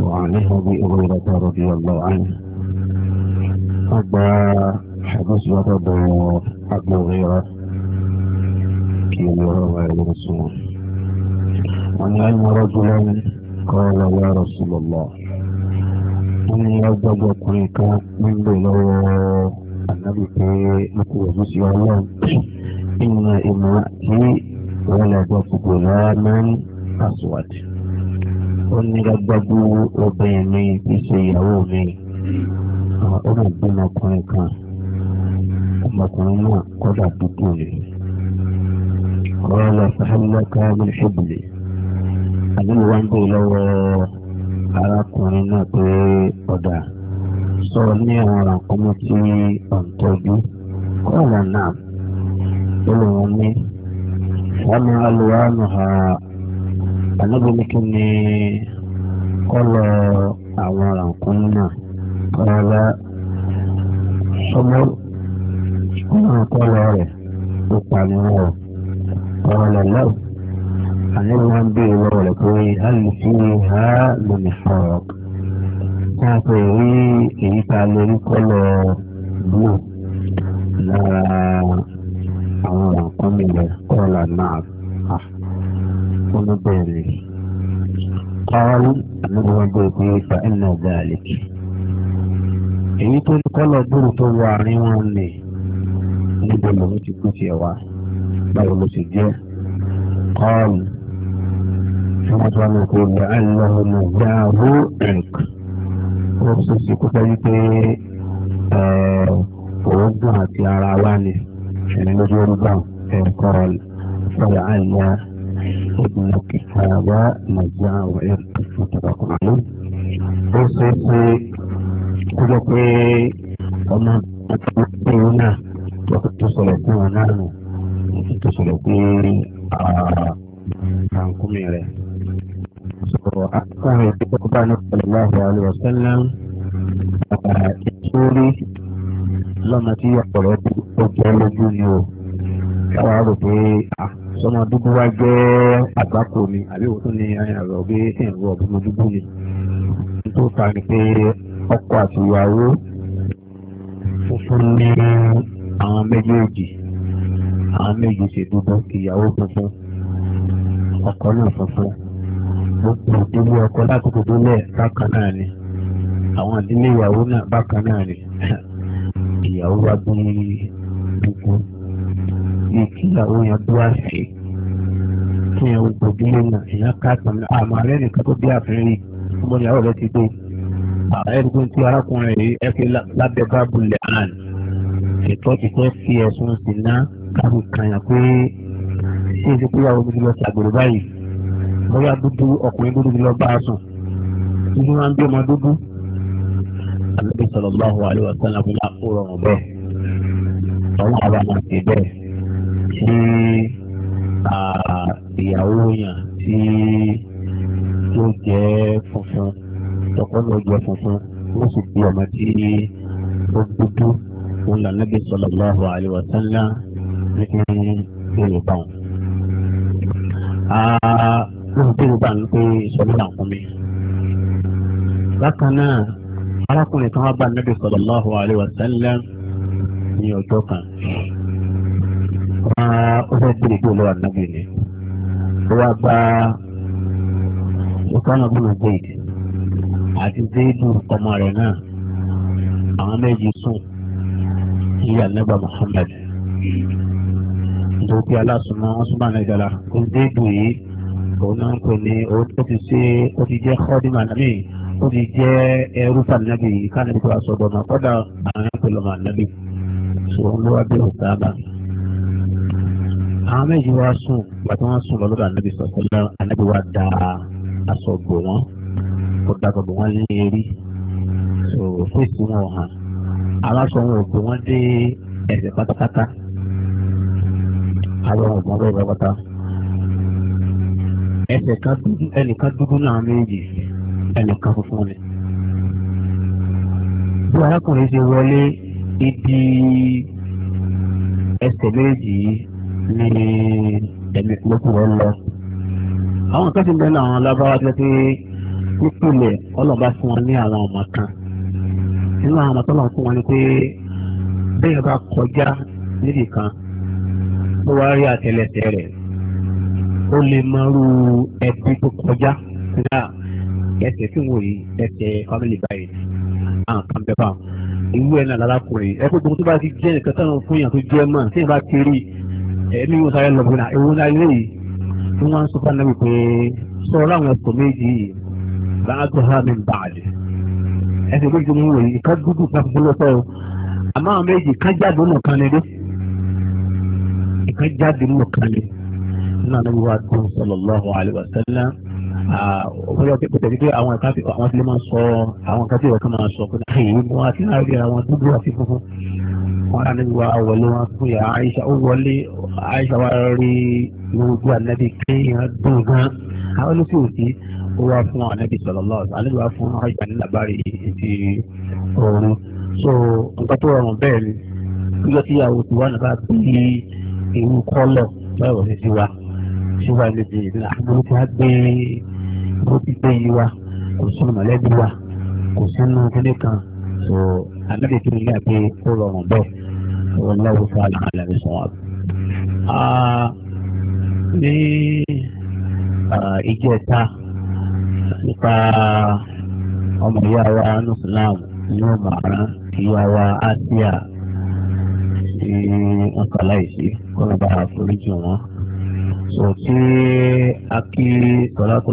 وعن أبي هريرة رضي الله عنه أبا حديث ورد أبو هريرة كي يروى الرسول وعن أن رجلا قال يا رسول الله إني أوجد يكريك من بلو النبي كي نكون الله إن إمرأتي ولدت غلاما أسود ó ní gbàgbọ́ obìnrin mi kì í ṣe ìyàwó mi ó lè gbé ọmọkùnrin kan ọmọkùnrin náà kọ́dà dúdú ni ọ̀rọ̀ lọ sáhálẹ́ká ní ṣébùlẹ̀ àdúgbò wa ń bè lọ́wọ́ arákùnrin náà pé ọ̀dà sọ ní àwọn àkọ́mọ́ tí ọ̀ǹtọ́jú kọ́ọ̀lá náà ó lè wọ́n ní wọ́n máa lo àmì ha alábòmí tún ni kọlọ àwọn àǹkóyún náà rárá sọmọ náà kọlọ rẹ ó pariwo ọ̀rọ̀ lọ́wọ́ àníwò wọn bí ìwọ rẹ pé alùpùpù ha lómi sọ̀rọ̀ wọn pè rí èyí tá a lè rí kọlọ blue lára àwọn àǹkóyún rẹ kọlọ náà fún ló bẹ̀rẹ̀ kọ́ọ̀lù àmúlò wọn bẹ̀rẹ̀ pé ìfà ẹ̀nà ọ̀gá àlèkè èyí tó ní kọ́lọ̀ dúró tó wọ àárín wọn nì níbo lòun ti kú tiẹ̀ wá báwo ló ti jẹ́ kọ́ọ̀lù tí wọ́n ti wá ní pé ìgbà ẹ̀nà ọ̀nà ọ̀gá àrú ẹ̀k ó sì sì kú sẹ́yìn pé òógùn àti ara wa ni ẹ̀rẹ́ lójú orí gbà ẹ̀kọ́ rẹ̀ fọ̀rọ̀ àìyá. ابن كتاب مجاء وإرث متفق عليه وسيسي kúlọ̀pẹ́ ọmọ ìpínlẹ̀ náà lọ́kàn tó sọ̀rọ̀ fún wọn náà nù lọ́kàn tó sọ̀rọ̀ fún àǹkúmi rẹ̀. sọ̀rọ̀ àkàrà ìdókòwò bá nípa ìlànà àlùwàsánlá ìtúrí lọ́mọ tí ọ̀rọ̀ ọjọ́ lójú ni o. káwọn á rò pé sọmọ dúdú wá jẹ́ àgbákò ni àbí òun tún ní àyàrọ̀ bí dúdú ni tó fà ní pé ọkọ àti ìyàwó funfun ní àwọn méjèèjì àwọn ṣe dúdú ìyàwó funfun ọkọ náà funfun gbogbo ìdílé ọkọ délé bákan náà ni àwọn ìyàwó náà bákan náà ni bíi kí àwọn èèyàn tó wá sí kí èèyàn ó gbòdú lónà èèyàn ká tán àmọ́ alẹ́ nìkan tó bí àfihàn yìí ọmọ ìyàwó rẹ ti dé ẹni tó ń ti arákùnrin yìí ẹ fi lábẹ́ báàbù lẹ̀ hàn ètò ti fẹ́ fi ẹ̀sùn sí ná káàbù kàyàn pé ṣé èsì pé ìyàwó mi ti lọ ṣàgbèrè báyìí lọ́yà dúdú ọkùnrin dúdú ti lọ bá a sùn dúdú máa ń bí ọmọ dúdú àlọ́bí sọ̀rọ̀ báwo àlè sálàmù lápò rọrùn bẹ́ẹ̀ ọlọ́run àbá máa bẹ́ẹ̀ tí ìyàwó yàn tí ó jẹ́ funfun tọkọ náà jẹ́ funfun ó sì bí ọmọ tí ó dúdú òun là Nabi sallallahu alaihi wa sallam ní kí Yorùbá e wọn. Lóhùn tí Yorùbá ń e pè ìsọ̀lú náà fún mi. Bákan náà, arákùnrin kan wá bá Nabi sallallahu alaihi wa ní ọjọ́ kan ó fẹ́ bèrè bí olówó àdúgbò ni ó wá bá ìkànnà bùrù zayd àti zaydu ọmọ rẹ̀ náà àwọn méjì sùn ní ànábà muhammad nítorí aláṣùmọ́ wọn súnmọ́ àná ìdára kó zaydu yìí òun náà ń pè ní ó ti ṣe ó ti jẹ́ kọ́dìmọ̀ ànábì ó ti jẹ́ ẹrú fàlẹ́nàbì yìí ká nàbì aṣọ ọ̀dọ̀ ọ̀nà kọ́dà àwọn ẹ̀kọ́ lọ́mọ ànábì ṣùgbọ́n ló wá bí òun sábà àwọn méjì wá sùn ìgbà tí wọ́n sùn lọ́dọ̀ ànábì sọ̀tẹ́lá ànábì wá da aṣọ gbò wọ́n kó dàgbà gbò wọ́n lé erí so fèsì wọn hàn aláṣọ wọn ò gbò wọ́n dé ẹsẹ̀ pátápátá àwọn ọ̀gbọ́n bẹ́ẹ̀ bá pátá ẹsẹ̀ kan dúdú ẹnìkan dúdú náà méjì ẹnìkan funfun ni bí arákùnrin ṣe wọlé ibi ẹsẹ̀ méjì yìí ní ẹ̀mí lókù rẹ̀ lọ. àwọn kan ti bẹ́ẹ̀ náà àwọn alábáwá tó ti pípìlẹ̀ ọlọ́ba fún wọn ní àwọn ọmọ kan nínú àwọn ọmọ tó lọ́wọ́ fún wọn ni pé bẹ́ẹ̀ bá kọjá níbì kan tó wá rí àtẹ́lẹsẹ̀ rẹ̀ ó lè máa rú ẹbí tó kọjá nígbà ẹsẹ̀ tí wọ́n yí ẹsẹ̀ family báyìí àwọn kan bẹ́ẹ̀ bá wọn ìwé ẹ̀ náà lálákùnrin ẹ̀kọ́ tó bá ti jẹ́ nǹkan táwọn fún yàn tó jẹ́ mọ́ tí yàn bá ẹni wọn sáré lọ bóyá ewu náà ilé yìí tí wọn sọ fún anábì pé sọ̀rọ̀ àwọn ẹ̀kọ́ méjì yìí bá a tó hàmì báàlì ẹsẹ̀ méjì mú wòye ìka dúdú káfí lọ́tọ̀ o àmọ́ àwọn méjì ìka jáde nù kan nílé ìka jáde nù kan nílé nínú anábì wa dùn sallallahu alaihi wa sallam ọ̀pọ̀lọpọ̀ pẹ̀tẹ̀ wípé àwọn ẹ̀ka àwọn ti lè máa sọ àwọn ẹ̀ka tí ìwọ̀n kan máa sọ pé àyè mú àti láàárín àwọn dúdú àti funfun wọn ànábì wa wọlé wọn fún yà àyíṣà ó wọlé àyíṣà wa rí lóògùn ànábì kéèyàn dùn gan àwọn olùkọ́ òsì ó wá fún ànábì sallallahu ànábì wa fún àyíṣà ní làbárí ti ọ̀run so nǹkan tó rọrùn bẹ́ẹ̀ ni nígbà tí ìyàwó ti wá nàbà bí irú kọ́lọ̀ báwo ṣe ti wá ṣé wàá lè dè tí a gbé bó ti gbé yìí wá kò sínú mọ̀lẹ́bí wa kò sínú kíní kan so anábì tó ní àti kó rọrùn bẹ́ẹ̀ wọn lọ́wọ́ fún àlàyé àlàyé sọ wà. ní ìjọ ẹ̀ta nípa ọmọ ìyá wa nùsùlám ní ọmọ àrán ìyá wa áṣíà tí wọ́n kà láìsí kó ló bá àforíjì wọn. sọ tí a kí sọlá kò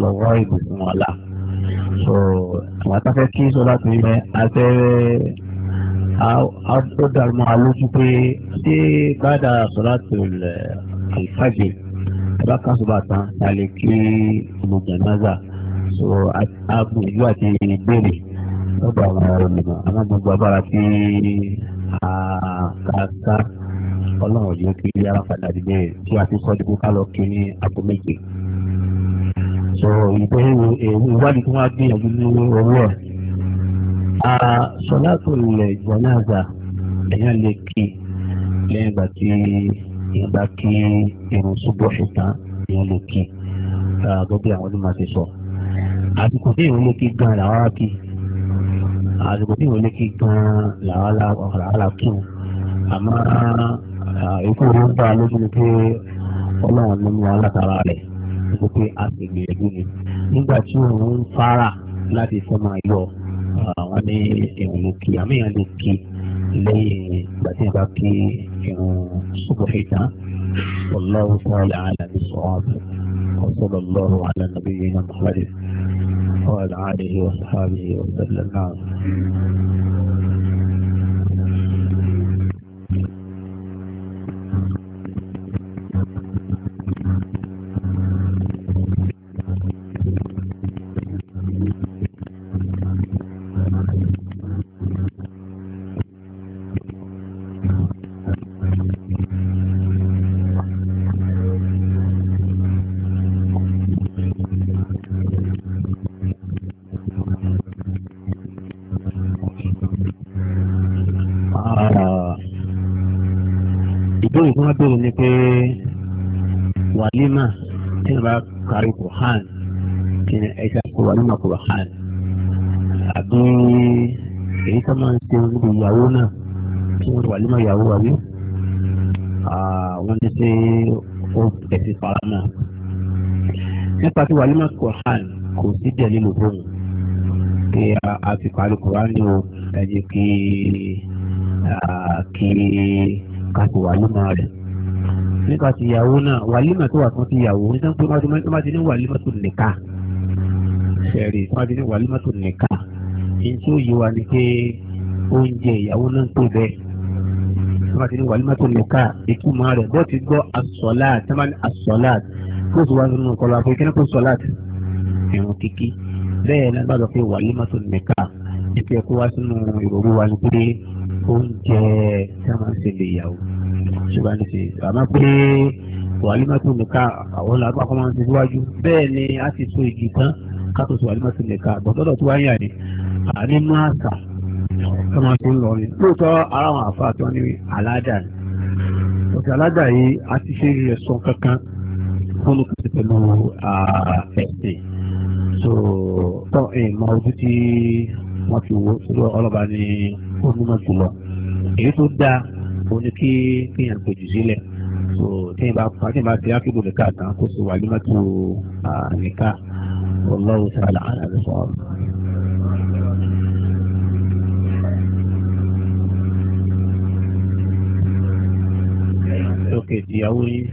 wọn là àwọn afẹ́fẹ́ kí sọlá tó yẹ afẹ́ ó dàrú mọ́ alójú pé ṣé bàdà sọlá tó lè àlùfáàjì ẹ̀bá kásùbà tán lálẹ́ kí olùjẹ̀ náà so àbùn ìlú àti ìbéèrè lọ́dọ̀ àwọn ọ̀rọ̀ nìkan àwọn gbogbo abára tí àkàkà ọlọ́run yóò kí yára padà dìde tí a ti sọ́jú kó ká lọ kí ní àpò méje sọ ìpẹ́ ìwádìí tí wọ́n á gbìyànjú ní ọwọ́ ẹ̀. sọlátò lẹ̀ jánásà èèyàn lè kí lẹ́yìn ìgbà tí èèyàn bá kí irun ṣubú ṣùtàn èèyàn lè kí gbogbo àwọn ọdún máa ti sọ. àsìkò tí èèyàn lè kí gan làwọn á kí àsìkò tí èèyàn lè kí gan làwọn á kí àmọ́ ikú ló ń bá a lójú ni pé ọlọ́run ló mú wa látara rẹ̀ àsìkò pé àtìgbìyànjú ni nígbà tí òun ń fara láti fẹ́ máa yọ àwọn ah, ní ìrùn kí àmì yẹn lè kí lẹ́yìn ìgbà tí wọ́n bá kí ìrùn ṣùgbọ́n ìtàn ọlọ́run fún ọ̀la àlàyé sọ̀rọ̀ وصلى الله على نبينا محمد وعلى آله وصحبه وسلم ìbéèrè tí wọ́n béèrè ni pé wàlímà tí wọ́n bá kárí kùhán kí ni ẹja kó wàlímà kùhán àbí èyí tó máa ń ṣe níbi ìyàwó náà kí wọ́n wàlímà ìyàwó wàlí wọ́n ní sí ẹ̀sìn farama nípa tí wàlímà kùhán kò sí díẹ̀ nínú bóun a ti parí kùhán ní ẹ̀jẹ̀ kí kí ká ti wàlímà rẹ̀ nípa ìyàwó náà wàlímà tó wà fún ti ìyàwó ní sáńpé má ti ní wàlímà tó nìka sẹ̀rí má ti ní wàlímà tó nìka ní tí ó yí wa ni pé oúnjẹ ìyàwó náà tó bẹ́ẹ̀ sábà ti ní wàlímà tó nìka ìtumọ̀ rẹ̀ bó ti gbọ́ asọ̀láàt sábà ní asọ̀láàt kó o sì wá nínú kọlọ àpò ìkíní kó sọ̀láàt ìrùn kíkí bẹ́ẹ̀ oúnjẹ tí a máa ń ṣe lè yàwó ṣùgbọ́n ní ṣe àmọ́ pé wàlímọ́tò nìkan àwọn làbá kan máa ń tẹ̀síwájú bẹ́ẹ̀ ni a ti so ìjì tán ká tó so wàlímọ́tò nìkan bọ̀dọ́dọ̀ tó wáyé àdé ànínú àṣà tó máa tó ń lọ ni lóòótọ́ ara àwọn àfa tó ní aládà ni òkè aládà yìí a ti ṣe rẹ̀ sọ kankan fún ìkàtí pẹ̀lú ẹ̀sìn so tó ìmọ̀ ojú tí wọ́n fi wo sórí ọlọ́ba ni fún ọmọ máa jùlọ èyí tó dáa òun ni kí kéèyàn gbèjì sílẹ̀ so téèyàn bá pa téèyàn bá ti ákéèdò nìka tán kó sì wà límọ́tò nìka ọlọ́run sàlà àlàyé sọ̀rọ̀. Okay, ìyàwó yín.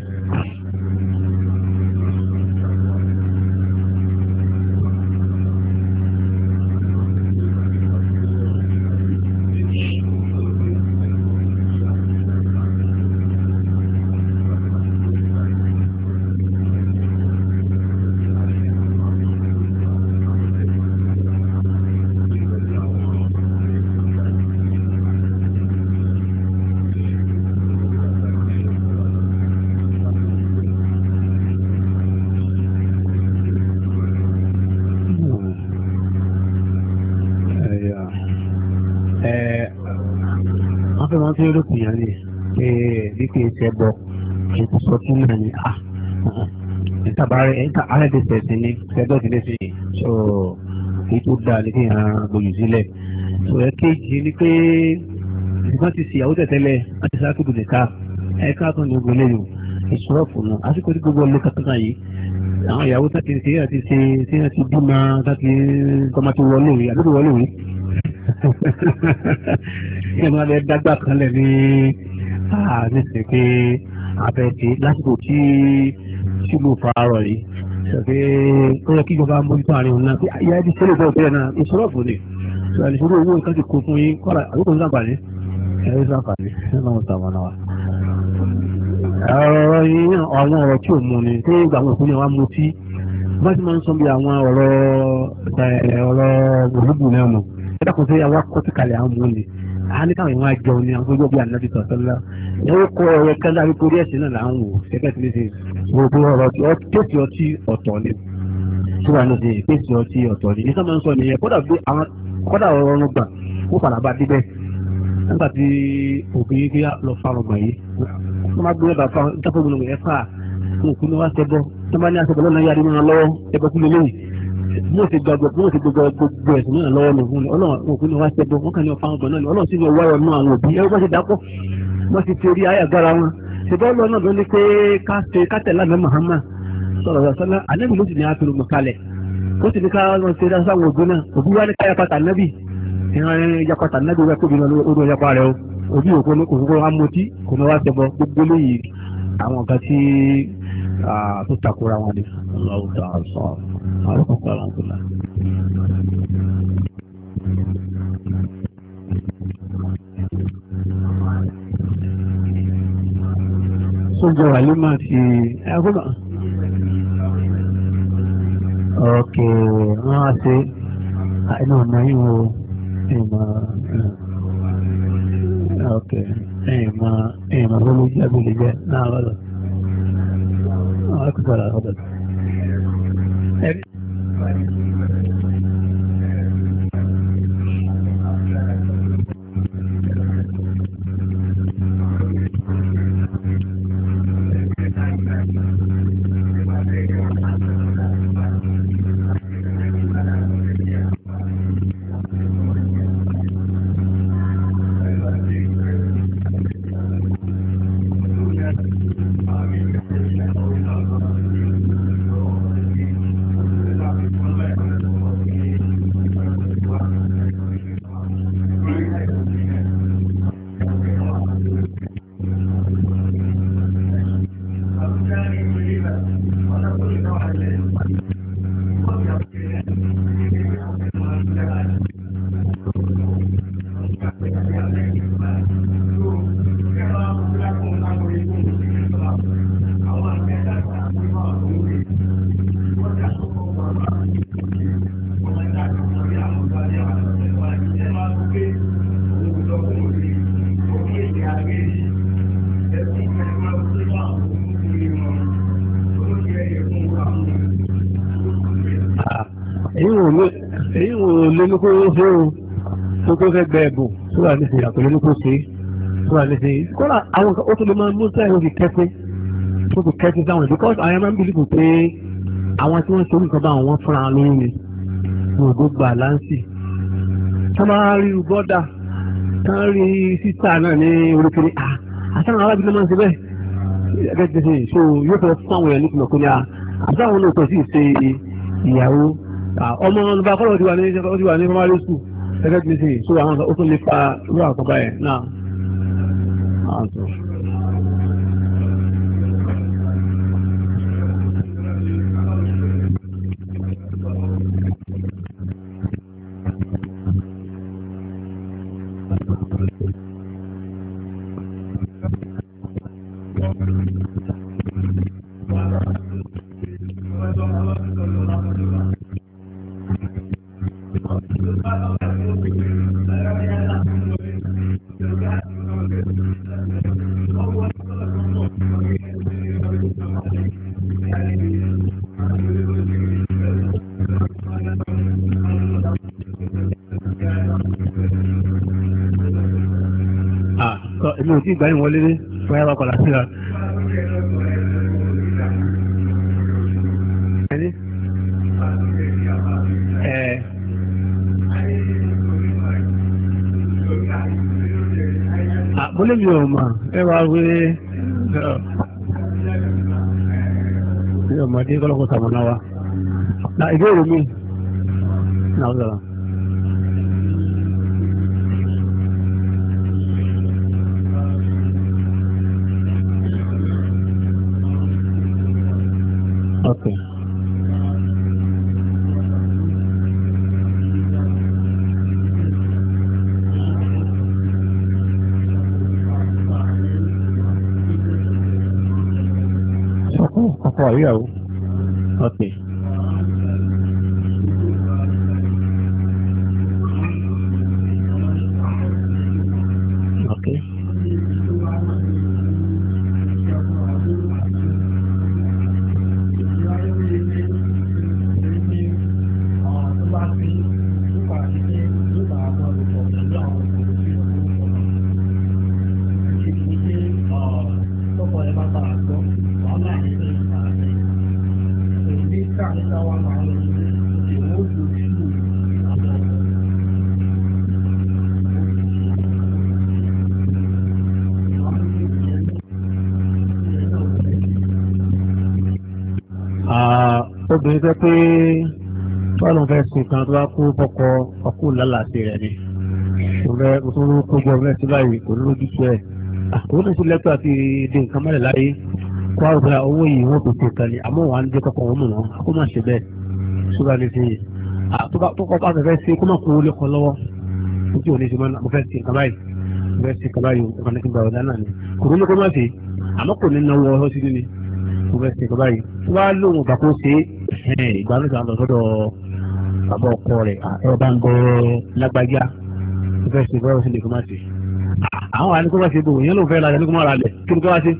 wọ́n fẹ́ máa ń fẹ́ rògbò yẹn ni pé bí kò ṣe bọ̀ kò ti sọ fún mi ni à ìtàbárẹ̀ àrẹ́dẹ̀sẹ̀ sí ni ṣẹ́gbẹ́ ìdílé sí i so èyí tó dáa ní kí n gbòòyì sílẹ̀ so èkejì ni pé ìgbọ́n ti sì àwọn tẹ̀tẹ̀lẹ̀ láti sákòdù nìka ẹ̀ka kan ní ogun eléyìí ìṣòro fún un àsìkò tí gbogbo ọlọ́ka kankan yìí àwọn ìyàwó tàbí ṣe àti ṣe ṣe àti bímọ tàbí kọ́má tó wọlé rí àdúgbò wọlé rí ní ẹ̀mí alẹ́ dágbà kan lẹ̀ ní nísìnyí pé abẹ́ẹ̀dé lásìkò tí tí mo fa arọ yìí ṣàgbé ó yẹ kí ìjọba ń bójú tó àárín òun náà pé ìyá ẹbí sọ́lọ̀ bọ́ọ̀ bẹ́ẹ̀ náà ìṣòro ọ̀fọ̀ ni ṣàlẹ̀ ìṣòro owó nǹkan ti kó fún yín kọ́ra àbúkò ń sàǹfààní ẹ̀rọ sàǹfààní ẹ̀rọ sàǹfààní wa ọ̀rọ̀ yìí àwọn ọ̀rọ̀ tí ò mú ni pé ìgbà àwọn òkú ni wọ́n á mú tí wọ́n ti máa ń sọ bí àwọn ọ̀rọ̀ ọ̀rọ̀ gbòógbò náà mọ̀ ẹ̀dá kan sí àwọn akọ́tìkalẹ̀ a ní káwọn ìwọ̀n àjọ ni àwọn gbogbo bí ànábì sọ̀tọ́lá ẹ̀rọ kọ ọ̀rọ̀ kan láti torí ẹ̀sìn náà là ń wò gẹ́gẹ́ tí ní ṣe wò pé ọ̀rọ̀ tètè ọtí ọ̀tọ̀ ni tí wàá ní ṣe tètè ọtí ọ̀tọ̀ ni ní sọ́mọ́ ń sọ nìyẹn kódà bí àwọn kódà ọ̀rọ̀ ọ̀run gbà ó padà bá dé bẹ́ẹ̀ nígbà tí obìnrin bí lọ fa ọgbà yìí mo ti gbàgbọ́ pé mo ti gbogbo gbogbo ẹ̀sìn náà lọ́wọ́ mi fún ọlọ́run òkú ni wọ́n ṣe bọ́ wọ́n kàn ní ọ̀fà ọgbọ̀n náà ni ọlọ́run sì ní ọwọ́ ọ̀nà àwọn òbí ẹ̀rọ bá ṣe dákọ́ wọ́n ti fi orí ayé agbára wọn ṣùgbọ́n ọlọ́run náà ló ní pé ká ṣe kátẹ̀lá mi Muhammad sọ̀rọ̀ sọ́lá àlẹ́bí ló sì ní àfihàn mọ̀ kalẹ̀ ó sì ní ká wọn ṣe dáṣà wọn ògbó náà òbí wá ní káyà pátá nábì ìyá pátá nábì wẹ́ kóbi náà ó lọ yapa rẹ̀ o òbí òkú ní kòkòrò tó takora wọn ni. àwọn kan kọ́ àwọn kò náà. sójọ wà ló máa fi ẹgbọ́n. ọ̀kẹ́ wọ́n á ṣe àìní ọ̀nà ìwò ìmọ̀ ọ̀kẹ́ ìmọ̀ ìmọ̀ ló ló lè jẹ́ náà lọ́dọ̀. أكبر أبدا كان يصيبا ونقول نوعا لا يصيبا lé ní kó ṣe o tó tó fẹ́ gbẹ ẹ̀bùn tó wà ní ìsìn àkọlé ní kó ṣe tó wà ní kọ́lá àwọn ó tó lè máa mú sáyẹn òkè kẹ́sí tó kẹ́sí sáwọn because àwọn ẹ̀rọ ń bí pé àwọn tí wọ́n ń ṣerú nǹkan bá àwọn fúnra lóyún ni wọn ò gbó gbà láǹsì tó máa rí bọ́dà tó rí sísá náà ní oríkèrè àtàwọn arábìnrin máa ń ṣe bẹ́ẹ̀ gẹ́gẹ́ bí Ah, ọmọ ọlọ́ba kọ́lọ̀ ti wà ní ó ti wà ní primary school ẹgbẹ́ ti ṣe so àwọn ó tún lè pa irú àkọ́bá yẹn náà. Ah, èmi ò tí ì gbáyìn wọlé rí bóyá bá padà síra. àpọ́lé mi ò mà ẹ wá wé ọmọdé kọ́lọ́kọ́ sàmọ́ná wa. ìbéèrè mi náà ó sọ̀rọ̀. apa ọkọ ìyàwó okay. wá ah, obìnrin jẹ́ pé sùn kan tó bá kó bọ́kọ ọkọ̀ lálàsì rẹ̀ ni ìṣòro mo tún ló kójú ọ̀rẹ́ sí báyìí kò ní lójú tó ẹ̀ àkókò sí lẹ́tọ̀ àti èdè nǹkan mẹ́rẹ̀ láyé kó àwọn ọ̀gá owó yìí wọ́n pèsè kan ni àmọ́ wà á ń jẹ́ kọ́kọ́ wọn mọ̀ wọn kó má ṣe bẹ́ẹ̀ ṣúgbà ní sí tó kọ́ pàṣẹ fẹ́ ṣe kó má kó lẹ́kọ̀ọ́ lọ́wọ́ nítorí òní ṣe mo fẹ́ ṣe nǹkan báyìí mo fẹ́ ṣe nǹkan báyìí nǹkan nígbà ọ̀dá náà ni kò ní kó má ṣe àmọ́ kò ní náwó ọ̀họ́ sí ní mo fẹ́ ṣe nǹkan báyìí tó bá lóhùn bàkó ṣe ìgbà náà bàbá ọkọ rẹ̀ ẹ̀rọ bá ń gọ lágbájá tó fẹ́ ṣe bọ́ọ̀rọ̀ sí lè kó má ṣe. àwọn àníkó bá ṣe bò yẹn ló fẹ́ ra ẹni kó má ra lẹ̀ kí ló fẹ́ wá ṣe.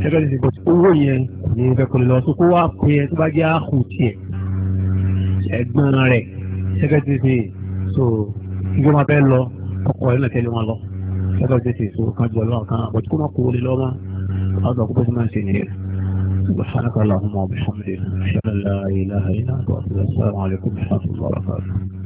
ṣẹ́gbẹ́ ti ṣe bọ̀ owó yẹn ni fẹ́ kọ́ni lọ sókó wá pé ẹ tó bá jẹ́ àhù tiẹ̀ ẹ̀gbọ́n rẹ̀ ṣẹ́gbẹ́ ti ṣe so ìjọ máa fẹ́ lọ ọkọ̀ ẹ̀ lọ́tẹ̀lé wọn lọ ṣẹ́gbẹ́ ti ṣe so kan jù ọlọ́run kan àbọ̀tí kó má kó wọlé lọ́mọ سبحانك اللهم وبحمدك أشهد أن لا إله إلا أنت السلام عليكم ورحمة الله وبركاته